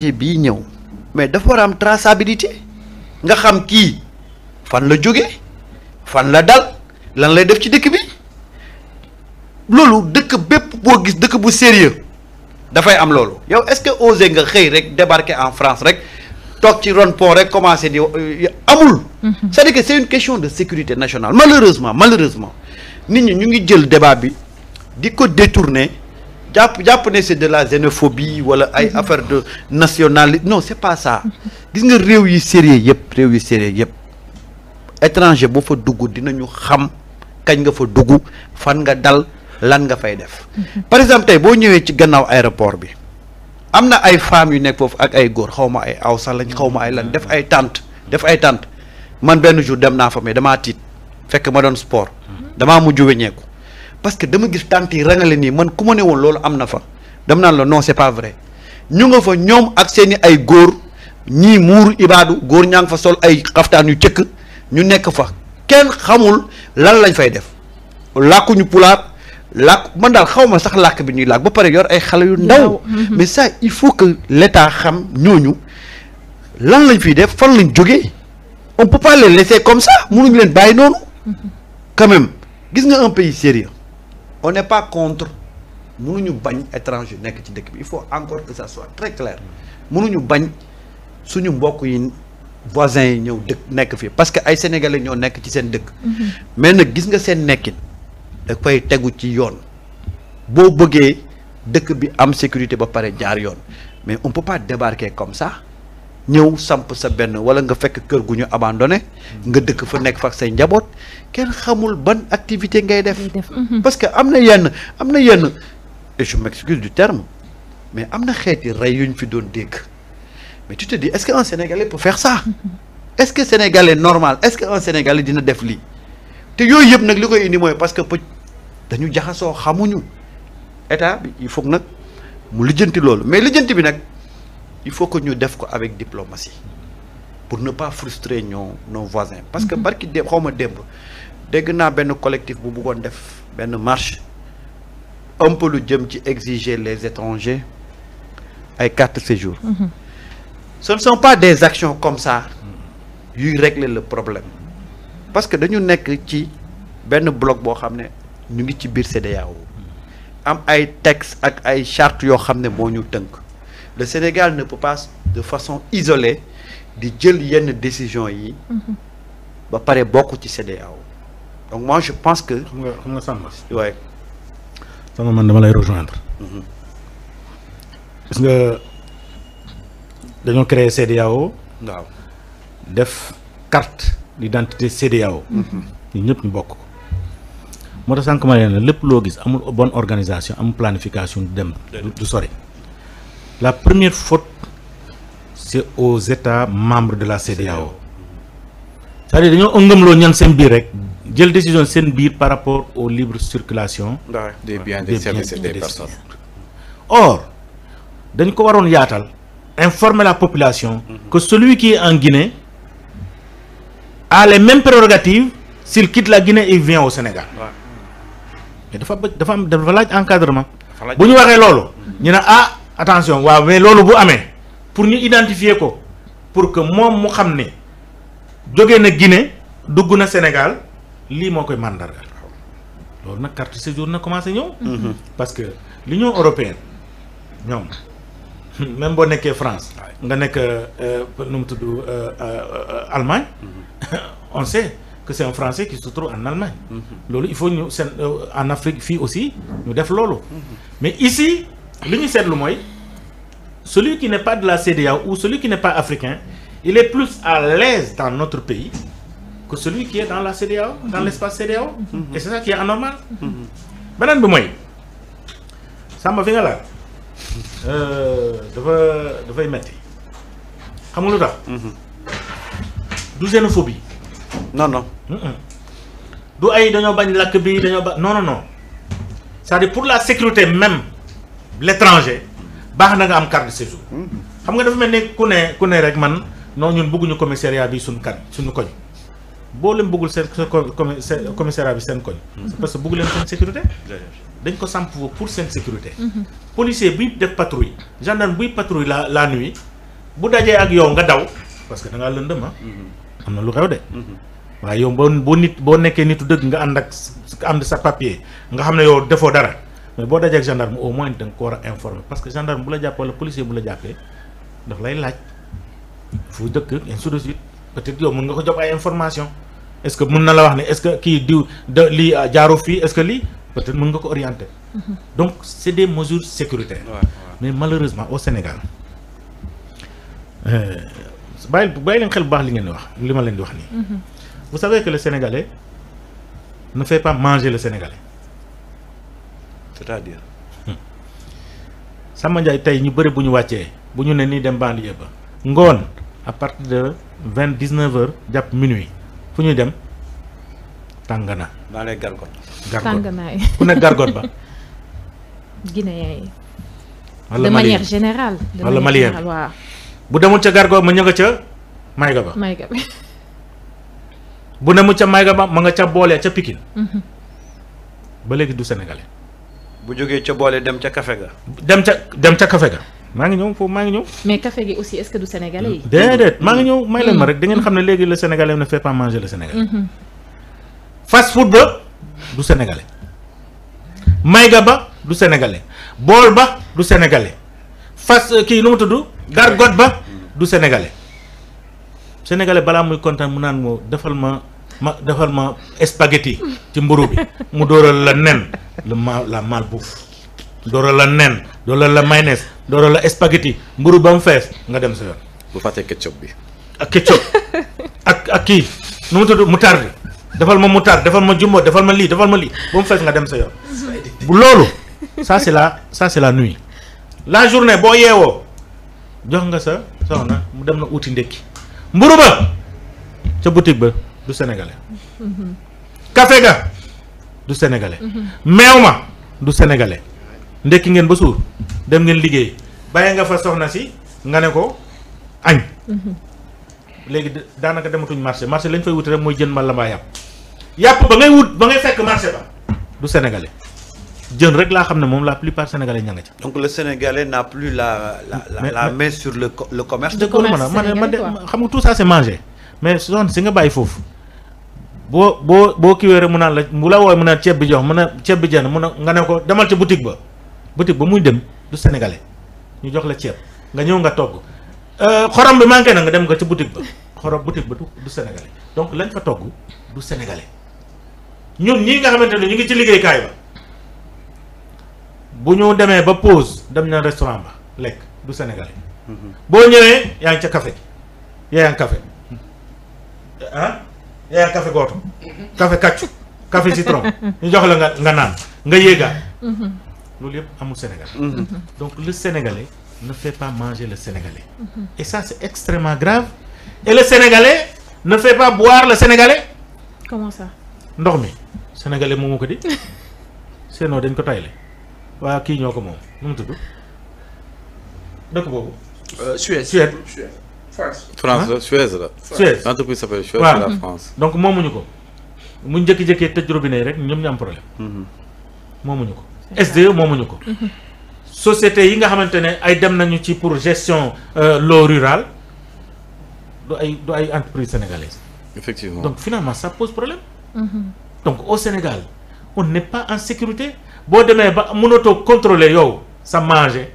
bii ñëw mais dafa war a am nga xam kii fan la jóge fan la dal lan lay def ci dëkk bi loolu dëkk bépp boo gis dëkk bu sérieux dafay am loolu yow est-ce que osé nga xëy rek débarquer en France rek toog ci ron pont rek commencé di euh, amul mm-hmm. c'est-à-dire de sécurité nationale malheureusement malheureusement nit ñi ñu ngi jël débat bi di ko détourner jàpp jàpp ne c'est de la xénophobie wala ay mm-hmm. affaire de nationalité non c'est pas ça mm-hmm. gis nga réew yi sérieux yëpp réew yi sérieux yëpp étranger bu fa dugg dinañu xam kañ nga fa dugg fan nga dal lan nga fay def mm-hmm. par exemple tey boo ñëwee ci gannaaw aéroport bi am na ay femmes yu nekk foofu ak ay góor xaw ma ay aw sax lañ xaw ma ay lan def ay tànt def ay tànt man benn jour dem naa fa mais damaa tiit fekk ma doon sport damaa mujj weññeeku parce que dama gis tante yi rangale nii man ku ma ne woon loolu am na fa dem naan la non c'est pas vrai ñu nga fa ñoom ak seeni ay góor ñii muuru ibaadu góor ñaa ngi fa sol ay xaftaan yu cëkk ñu nekk fa kenn xamul lan lañ fay def làkkuñu pulaar làkk man daal xaw ma sax làkk bi ñuy làkk ba pare yor ay xale yu ndaw mhm. mais ça il faut que l'État xam ñooñu lan lañ fiy def fan lañ jóge on peut comme ça mënuñu leen bàyyi noonu mhm. quand gis nga un pays sérieux on n'est pas contre munuñu bañ étranger nekk ci dëkk bi il faut encore que ça soit très clair mënuñu bañ suñu mbokk yi voisins yi ñëw dëkk nekk fii parce que ay sénégalais ñoo nekk ci seen dëkk. Mhm. mais nag gis nga seen nekkin da koy tegu ci yoon boo bëggee dëkk bi am sécurité ba pare jaar yoon mais on peut pas débarquer comme ça. ñëw samp sa benn wala nga fekk kër gu ñu abandonné nga dëkk fa nekk fa ak say njaboot kenn xamul ban activité ngay def mhm. parce que am na yenn am na yenn et je m'excuse du terme mais am na xeeti rey yu ñu fi doon dégg mais tu te dis est-ce qu'un Sénégalais peut faire ça mhm. est-ce que Sénégalais normal est-ce que qu'un Sénégalais dina def lii te yooyu yëpp nag li koy indi mooy parce que pëj dañu jaxasoo xamuñu état bi il faut nag mu lijjanti loolu mais lijjanti bi nag il faut que ñu def ko avec diplomatie pour ne pas frustrer ñoo nos voisins parce que mm-hmm. barki démb xawma démb dégg naa benn collectif bu bëggoon def benn marche un peu lu jëm ci exiger les étrangers ay carte séjour mm-hmm. ce ne sont pas des actions comme ça yuy régler la problème parce que dañu nekk ci benn bloc boo xam ne ñu ngi ci biir CEDEAO am ay textes ak ay chartes yoo xam ne moo ñu tënk le Sénégal ne peut pas de façon isolée di jël yenn décision yi. Mhm. ba pare bokk ci CEDEAO. donc moi je pense que. xam nga xam nga Samba. waaye. Samba man dama lay rejoindre. Mhm. gis nga dañoo créer CEDEAO. waaw def carte d'identité CEDEAO. Mhm. ñun ñëpp ñu bokk ko. moo tax sànq ma leen lépp loo gis amul bonne organisation amul planification du dem. du sori. la première faute c'est aux états membres de la CEDEAO c'est-à-dire dañoo ëngëmloo ñan seen biir rek jël décision seen biir par rapport aux libre circulation des biens des services et or dañ ko waroon yaatal informe la population mhm. que celui qui en Guinée a les mêmes prérogatives s'il quitte la Guinée il vient au Sénégal mais dafa dafa dafa laaj encadrement bu ñu waxee loolu mhm. ñu ne ah attention waaw mais loolu bu amee pour ñu identifier ko pour que moom mu xam ne jóge na Guinée dugg na Sénégal lii moo koy mandargal loolu nag carte séjour na commencé ñëw. Mhm. parce que l'Union européenne ñoom même boo nekkee France. nga nekk euh, euh, nu mu tudd euh, Allemagne. Mhm. on sait que c'est un Français qui se trouve en Allemagne. Mhm. loolu il faut ñu seen en Afrique fii aussi ñu def loolu. mais ici. li ñu seetlu mooy celui qui n'est pas de la CEDEAO ou celui qui n'est pas africain il est plus à l'aise dans notre pays que celui qui est dans la CEDEAO dans l'espace CEDEAO mm-hmm. et c'est ça qui est anormal beneen bi mooy sàmba fi nga laal mm-hmm. euh, dafa dafay metti xam nga mm-hmm. du xénophobie non non du ay dañoo bañ làkk bi dañoo bañ non non non c'est-à-dire pour la sécurité même l'étranger baax na nga am carte de xam nga dafa mel ne ku ne ku ne rek man non ñun bëgguñu commissariat bi suñ carte suñu koñ. boo leen bëggul seen seen commissariat bi seen koñ. c'est mhm. parce que bëggu leen seen sécurité. dañ ko samp pour seen sécurité. Mhm. policier buy def patrouille gendarme buy patrouille la la nuit bu dajee ak yow nga daw parce que da ngaa lëndëm ah. mhm. am na lu xew de. waaye yow boo boo nit boo nekkee nitu dëgg nga ànd ak am sa papier nga xam ne yow defoo dara. mais boo dajee ak gendarme au moins da nga ko war a informer parce que gendarme bu la jàpp wala policier bu la jàppee daf lay laaj fu dëkk ainsi de suite peut-être yow mën nga ko jox ay information est-ce que mën na la wax ne est-ce que kii diw da lii ah, jaaru fii est-ce que lii peut-être mën nga ko orienter. Mm-hmm. donc c'est des mesures sécuritaires. Ouais, ouais. mais malheureusement au Sénégal euh, bàyyi bàyyi leen xel bu baax li ngeen di wax li ma leen di wax nii. Mm-hmm. vous savez que le Sénégalais ne le Sénégalais. c'est-à-dire. Hmm. tey ñu bëri bu ñu wàccee bu ñu ne nii dem banlieue ba ngoon à partir de vingt dix neuf heures jàpp minuit fu ñuy dem tàng na lay ne gargot ba. Guinéen yi. wala de manière générale. bu demul ca gargot ma ña nga ca mayga ba. mayga ba. bu demul ca mayga ba ma nga ca boolee ca Pikine. Mhm. ba léegi du sénégalais. bu jógee ca boolee dem ca kafe ga. dem ca dem ca kafe ga. maa ngi ñëw foofu maa ngi ñëw. mais kafe gi aussi est-ce que du sénégalais yi. déedéet maa ngi ñëw may leen ma mm. rek da ngeen xam ne léegi la sénégalais ne fait pas manger le sénégalais. Mm-hmm. fast food ba du sénégalais. mayga ba du sénégalais. bool ba du sénégalais. fast euh, kii nu mu tudd. gargote ba du sénégalais. sénégalais balaa muy kontaan mu naan moo defal ma. ma defal ma spaghetti ci mburu bi mu dóoral la nen la ma la mal malbouffe dóoral la nen dóoral la mayonnaise dóoral la spaghetti mburu ba mu fees nga dem sa yoon. bu fàttee ketchup bi. ak ketchup ak ak kii nu mu defal ma moutarde defal ma jumbo defal ma lii defal ma lii ba nga dem sa yoon. bu loolu ça c'est la ça c'est la nuit la journée boo yeewoo jox nga sa soxna mu dem na uti ndékki mburu ba ca boutique ba. du sénégalais. café ga du sénégalais. meew ma du sénégalais. ndekki ngeen ba suur dem ngeen liggéey bàyyi nga fa soxna si nga ne ko añ. léegi daanaka dematuñ marché marché lañ fay wut rek mooy jën ma la mbaa yàpp. yàpp ba ngay wut ba ngay fekk marché ba du sénégalais. jën rek laa xam ne moom la plupart sénégalais ña nga ca. donc le sénégalais n'a plus la la sur le le commerce. de commerce man man de xam nga tout ça c'est mais soxna si nga bàyyi foofu. boo boo boo kiiwee rek mu naan la bu la wooy mu naan ceeb bi jox mu a ceeb bi jeex na mu ne nga ne ko demal ci boutique ba boutique ba muy dem du sénégalais ñu jox la ceeb nga ñëw nga togg euh, xorom bi manqué na nga dem nga ci boutique ba xorom boutique ba du du sénégalais donc lañ fa togg du sénégalais ñun ñi nga xamante ne ñu ngi ci liggéeykaay ba bu ñu demee ba pose dem na restaurant ba lekk du sénégalais mm-hmm. boo ñëwee yaa ngi ca kafe yaa ngi café ah yaa eh, café gooto café kàccu café citron ñu jox la nga naan nga yéegaat mhm. loolu yëpp amul Sénégal mhm. donc le Sénégalais ne fait pas manger le Sénégalais mhm. et ça c'est extrêmement grave et le Sénégalais ne fait pas boire le Sénégalais ndox mi Sénégalais moomu ko di seenoo dañ ko tayle waa kii ñoo ko moom nu mu tudd dëkk boobu euh, France France Suez la. Suez entreprise s'appelle Suez de la mm-hmm. ko mu jëkki-jëkkee tëj robinet yi rek ñoom ñu am problème. Mm-hmm. moomuñu ko SDE moomuñu ko. Mm-hmm. société yi nga xamante ne ay dem nañu ci pour gestion euh, l'eau rurale du ay du ay entreprise sénégalaise. effectivement donc finalement ça pose problème. donc au Sénégal on n'est pas en sécurité boo demee ba mënatoo contrôler yow sa manger.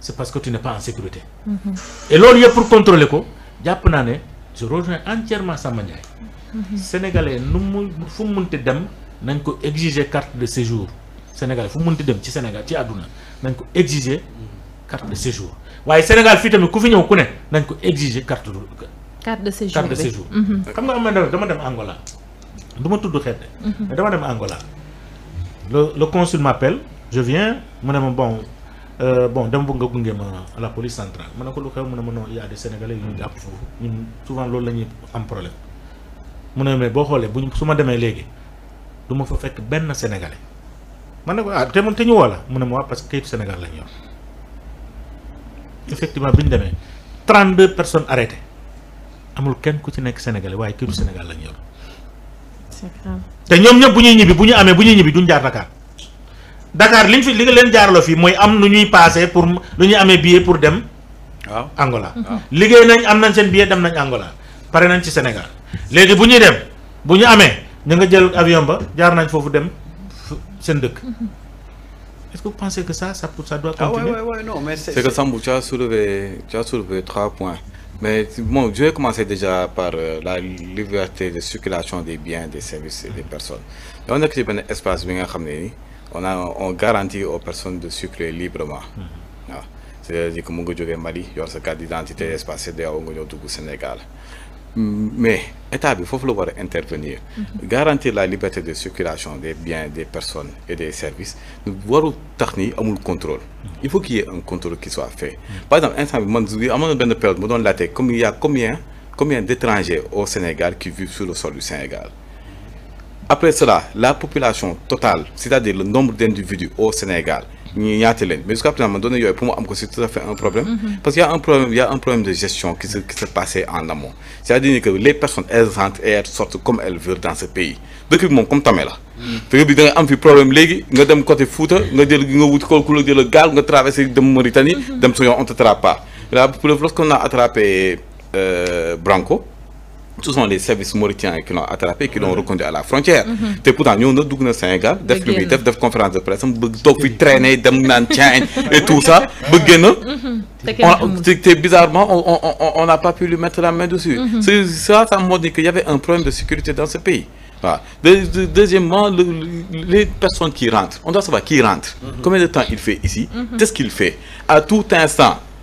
c'est parce que tu n'es pas en sécurité. loolu yëpp pour contrôler ko jàpp naa ne je rejoins entièrement Samba Ndiaye. sénégalais nu mu fu mu munti dem nañ ko exiger carte de séjour sénégalais fu mun munti dem ci Sénégal ci àdduna nañ ko exiger carte de séjour waaye Sénégal fii tamit ku fi ñëw ku ne nañ ko exiger carte de. carte de séjour carte de séjour. Mhm. xam nga am na dama dem Angola du ma tudd xeet mhm. mais dama dem Angola le le consul m'appelle je viens mu ne ma bon. Euh, bon dama bëgg nga gunge ma à la police centrale ma ne ko lu xew mu ne ma non il y yu ñu jàpp foofu souvent loolu la am problème mu ne mais boo xoolee buñ su ma demee léegi du ma fa fekk benn sénégalais man ne ko ah te man te ñu woo la mu ne mu waa parce que kayitu Sénégal lañ yor effectivement bi ñu demee 32 personnes arrêtées amul kenn ku ci nekk sénégalais waaye kayitu Sénégal lañ yor. c'est te ñoom ñëpp bu ñuy ñibbi bu ñu amee bu ñuy ñibbi Dakar liñ fi li nga leen jaaraloo fii mooy am nu ñuy paase pour lu ñuy amee billet pour dem. waaw Angola. liggéey nañ am nañ seen billet dem nañ Angola pare nañ ci Sénégal léegi bu ñuy dem bu ñu amee ñu nga jël avion ba jaar nañ foofu dem seen dëkk. Est-ce que vous pensez que ça, ça, ça doit continuer ah ouais, ouais, ouais, non, mais c'est... que Sambou, tu as, soulevé, tu as soulevé trois points. Mais bon, je commencer déjà par euh, la liberté de circulation des biens, des services et des personnes. Donc, on a créé un espace bien à on a on garantit aux personnes de circuler librement. waaw mhm. ah. c'est-à-dire que mu nga jógee Mali yor sa carte d'identité mhm. espace CEDEAO nga ñëw dugg Sénégal mais état bi foofu la war intervenir. Mhm. garantir la liberté de circulation des biens des personnes et des services warul tax ni amul contrôle. il faut qu'il y ait un contrôle qui soit fait. par exemple instant bi man période mu doon laajte comme il y a combien combien d'étrangers au Sénégal qui vivent sur le Sénégal. après cela la population totale c'est-à-dire le nombre d'individus au Sénégal ñu ñaata leen mais jusqu'à présent man données yooyu pour mu am ko c'est tout à fait un problème mm-hmm. parce que y a un problème a un problème de gestion qui se qui se passait en c'est-à-dire que les personnes elles rentrent et elles sortent comme elles veulent dans ce pays dëkk bi comme tamee la mm-hmm. dëkk bi nga am fi problème léegi nga dem côté Fouta nga jël nga gaal nga traversé dem Mauritanie mm-hmm. dem sa yoon on te ce sont les services mauriciens qui l'ont attrapé qui l'ont mhm. reconduit à la frontière mhm. te dugg na Sénégal def lu def def conférence de presse am bëgg toog fi traîner dem naan caañ et tout ça bëgg mhm. on n'a pas pu lui mettre la main dessus c'est ça ça montre problème de sécurité dans ce pays voilà deuxièmement le, les personnes qui rentrent on doit savoir qui rentre combien de temps il fait ici qu'est-ce qu'il fait à tout instant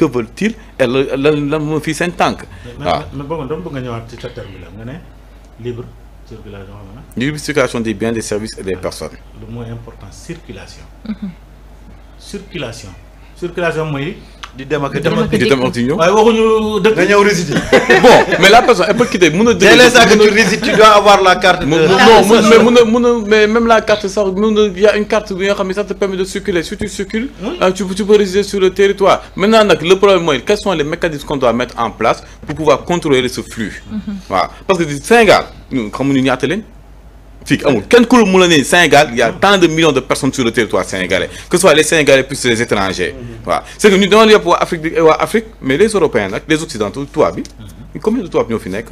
que veulent-ils et lan lan moo fi seen tànk. waaw mais boobu dama bëgg nga ñëwaat ci secteur bi la nga ne libre libre circulation des biens des services et des personnes. lu mooy important circulation. circulation circulation mooy. di dem ak di dem ak di ñëw waaye waxuñu dëkk nga ñëw résider. bon mais la personne elle peut quitter mën a. dès l'instant que tu résides tu dois avoir la carte. de non mais mën a mën a mais même la carte sax mën a y a une carte bi nga xam ne ça te permet de circuler si tu circules. Euh, tu tu peux résider sur le territoire. maintenant nag le problème mooy quels sont les mécanismes qu'on doit mettre en place pour pouvoir contrôler ce flux. waaw mhm. parce que Sénégal ñun xamuñu ñaata leen. fii kenn ku mu la ne Sénégal y' a tant de millions de personnes sur le territoire sénégalais que ce les sénégalais plus les étrangers. waaw mhm. que ñu demoon Afrique euh, waa Afrique mais les européens nag les mhm. de tubaab ñoo fi nekk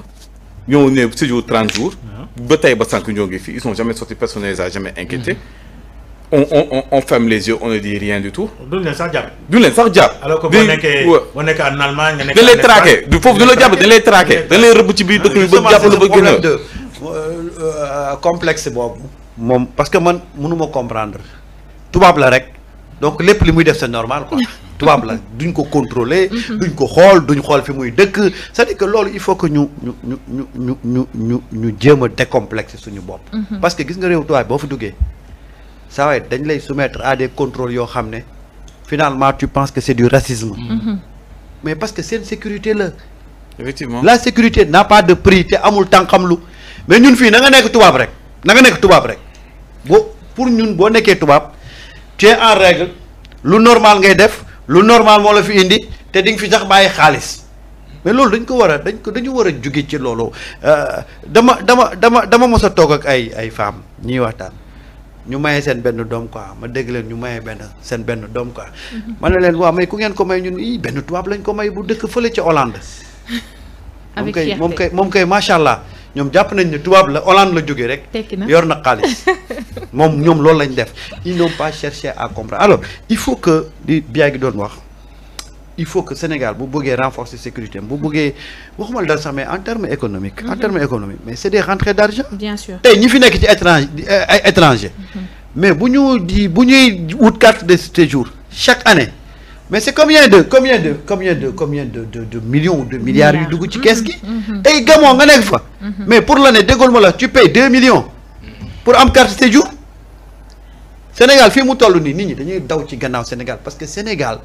ñoo ne séjour 30 jours. Mhm. ba tey ba sont jamais sortis personne ne les a jamais inquiétés. on on ferme les yeux on ne dit rien du tout. duñ leen sax jàpp. duñ leen sax jàpp. alors que boo a. Euh, complexe boobu moom parce que man mënuma comprendre tubaab la rek donc lépp li muy def c'est normal quoi tubaab la duñ ko contrôler mhm. duñ ko xool duñ xool fi muy dëkk cest que loolu il faut que ñu ñu ñu ñu ñu ñu ñu ñu jéem a décomplexer suñu bopp mhm. parce que gis nga réew tubaab boo fa duggee ça dañ lay soumettre à des contrôles yoo xam ne finalement tu penses que c'est du racisme mhm. mais parce que seen sécurité la la sécurité n'a pas de prix te amul tànqamlu mais ñun fii na nga nekk tubaab rek nanga nekk tubaab rek boo pour ñun boo nekkee tubaab tu en règle lu normal ngay def lu normal moo la fi indi te di fi sax bàyyi xaalis mais loolu dañ ko war a dañ ko dañu war a jóge ci loolu euh, dama dama dama dama mos a toog ak ay ay femmes ñuy waxtaan ñu maye seen benn doom quoi ma dégg leen ñu maye benn seen benn doom quoi. Mhm. ma ne leen waa may ku ngeen ko may ñun ii benn tubaab lañ ko may bu dëkk fële ci Hollande. moom k moom kay macha allah. ñoom jàpp nañ ne tubaab la olaan la jógee rek. yor na xaalis moom ñoom loolu lañ def ils n'ont pas cherché à comprendre il faut que li biyaa gi doon wax il faut que Sénégal bu bëggee renforcer sécurité bu bëggee waxuma la sax mais en terme économique. en mhm. terme économique mais c'est des rentrées d'argent. bien sûr tey ñi fi nekk ci euh, étranger ay mhm. étranger. mais bu ñu di bu ñuy wut carte de séjour chaque année. mais c'est combien de combien de combien de combien de millions ou de milliards yu dugg ci kees gi. Mhm. Mhm. tey gamoo nga nekk fa. Mhm. mais pour l'année déggoon ma la tu payes deux millions. pour am carte séjour. Sénégal fii mu toll nii nit ñi dañuy daw ci gannaaw Sénégal parce que Sénégal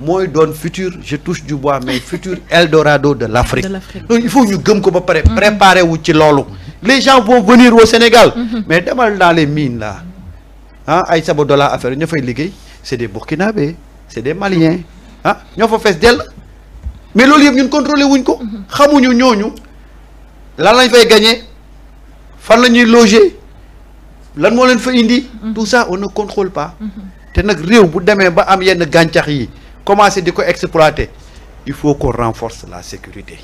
mooy doon futur je touche du bois mais futur Eldorado de l'Afrique. donc il faut ñu gëm ko ba pare. préparer wu ci loolu. les gens vont venir au Sénégal. mais demal dans les mines là ah ay Sabodala affaire ña fay liggéey c'est des Burkinabés. c'est des Maliens ah ñoo fa fees dell mais loolu yëpp ñun contrôlé wuñ ko xamuñu ñooñu lan lañ fay gagner fan la ñuy loger lan moo leen fa indi tout ça on ne contrôle pas te nag réew bu demee ba am yenn gàncax yi commencer di ko exploiter il faut qu'on renforce la sécurité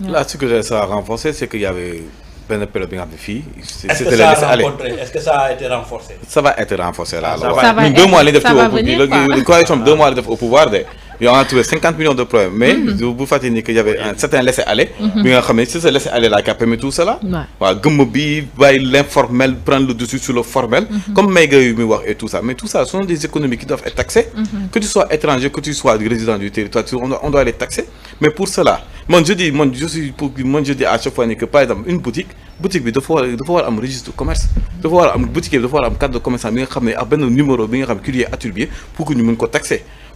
la sécurité ça a renforcé c'est qu'il y avait benn période bi nga xam ne fii. c'était la laisser aller est-ce que ça a été renforcé. ça va mois li def ci au pouvoir coalition bi deux de. et on a trouvé millions de problèmes. mais bu fàttee ni que y avait un certain laisser aller. Mm-hmm. bi nga xam ne c'est laisser aller là qui a permis tout cela. waaw gëmm bi l'informel prendre le dessus sur le formel. Mm-hmm. comme Maïga yu muy wax et tout ça sont des économies qui doivent être taxées. Mm-hmm. que tu sois étranger que tu sois résident du territoire on doit on taxer mais pour cela man je dis à chaque fois ni que par exemple une boutique. boutique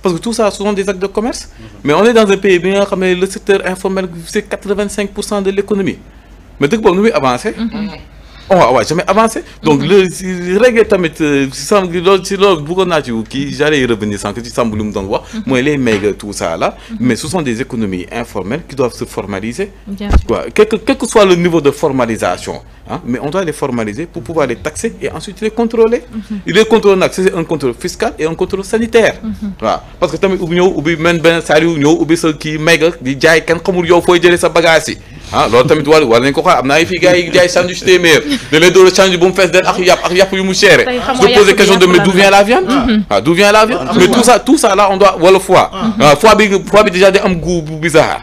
parce que tout waaw oh, waaw jamais avancé donc mm. le si reggae tamit euh, si sàmm loolu si loolu bëggoon naa ci kii j'allais y revenir sànq ci sàmm lu mu doon wax mm-hmm. mooy les méga tout ça là mm-hmm. mais ce sont des économies informelles qui doivent se formaliser quoi quel que soit le niveau de formalisation ah mais on doit les formaliser pour pouvoir les taxer et ensuite les contrôler mm-hmm. les contrôle nag c'est un contrôle fiscal et un contrôle sanitaire parce que tamit ubbi ñëw ubbi men benn saar yu ñëw ubbi sa kii méga di jaay kenn xamul yow fooy jëlee sa bagage yi ah loolu tamit war war nañ ko xaar am na ay fii gars yi jaay sandwich téeméer da lay door a sandwich bu mu fees den ak yàpp ak yàpp yu mu seere se poser question de mais d'où vient la viande mm-hmm. ah d'où vient la viande ah, mais tout ça tout ça là on doit wala foie waaw mm-hmm. ah, foie bi foie bi déjà day am goût bu bizarre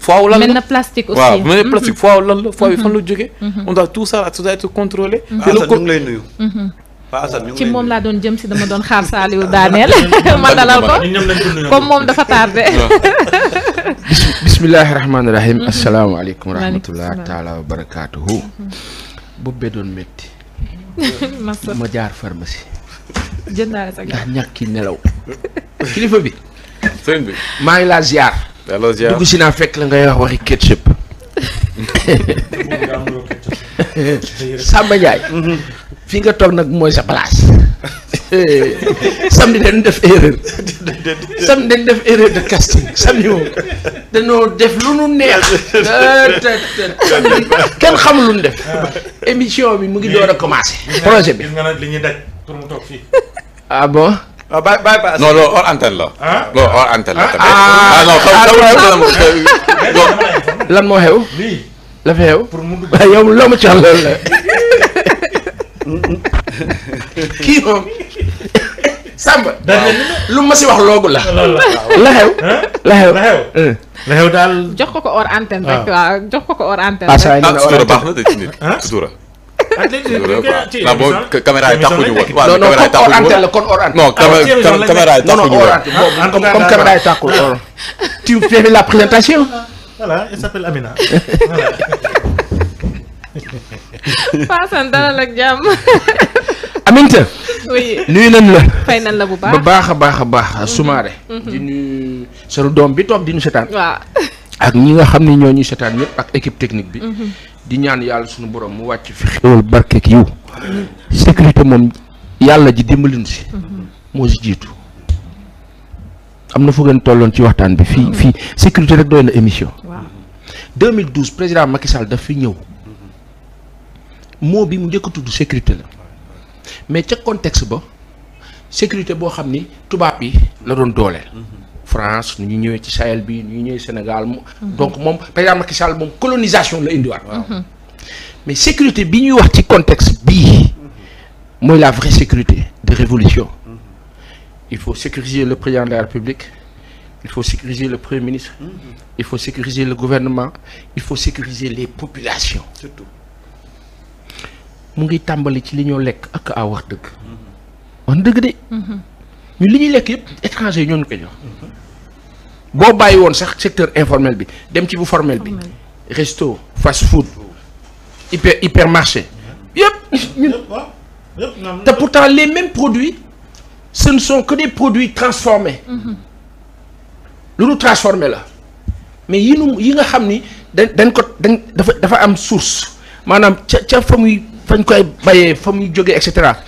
foie wu la mel na plastique aussi waaw mel mm-hmm. na plastique foie wu la foie bi fan la jógee on doit ci moom laa doon jëm si dama doon xaar Saliou daaneel ma dalal ko comme moom dafa tardé bismillahi rahmaani rahim mm-hmm. asalaamaaleykum wa rahmatullah taala wa barakaatuhu mm-hmm. boobu bee doon métti ma jaar pharmacie jëndaale sa ndax nelaw maa ngi laa ziar dugg si naa fekk la ngay wax waxi ketchup Samba Ndiaye. fi nga toog nag mooy sa place. samedi dañu def erreur. samedi def erreur de casting samedi moom dañoo def lu nu neex. kenn xam lu nu def. émission bi mu ngi door a commencé. projet bi gis nga nag li ñuy daj pour mu toog fii. ah bon. waaw ah, bàyyi bàyyi ba. non loolu hors antenne la. ah non hors antenne la ah, tamit. ah, ah non lan moo xew. lii la fi xew. pour mu dugg yow loo ma ci wax loolu la. kii moom. Samba. lu ma si wax loogu la. la xew. la xew la xew. Mm. la xew daal. jox ko ko hors antenne rek. Ah. waaw jox ko ko hors antenne ah, rek. ah sutura baax na de ci nit sutura. ah boo caméra yi taxuñu woon. waaw caméra yi taxuñu woon non kon hors antenne la kon hors antenne. non ah, caméra yi taxuñu woon. comme caméra yi taxul. tu fais la présentation. voilà elle s'appelle Amina voilà. dalal ak jàmm. Aminta. oui nuyu la. fay nañ la bu baax baax a baax a baax. sumaare. Mhm. Mhm. di doom bi toog di ñu seetaan. ak ñi nga xam ne ñoo ñuy seetaan ñëpp ak équipe technique bi. Mhm. di ñaan yàlla sunu borom mu wàcc fi xéwal barkeeg yiw sécurité moom yàlla ji dimbalin si. moo si jiitu. am na fu ngeen tolloon ci waxtaan bi fii fii sécurité rek doy na émission. 2012 président Macky Sall daf fi ñëw moo bi mu njëkk a tudd sécurité la mais ca contexte ba sécurité boo xam ni tubaab yi la doon dooleel. France nu ñu ñëwee ci Sahel bi nu ñu ñëwee Sénégal. donc moom président Macky Sall moom colonisation la indiwaat. mais sécurité bi ñuy wax ci contexte bii. mooy la vraie sécurité de révolution il faut sécuriser le président de la République. il faut sécuriser le premier ministre il faut sécuriser le gouvernement il faut sécuriser les populations surtout mu ngi tàmbali ci li ñoo lekk ak a wax dëgg wax dëgg de ñu li ñuy lekk yëpp étranger yi ñoo ñu koy jox boo bàyyi woon sax secteur informel bi dem ci bu formel bi resto fast food hyper hypermarché yëpp ñun te pourtant les mêmes produits ce ne sont que des produits transformés mm-hmm. lu nu transformé la mais yi nu yi nga xam ni dañ dañ ko dañ dafa dafa am source maanaam ca ca fa muy fañ koy bayee fa muy jógee et cetera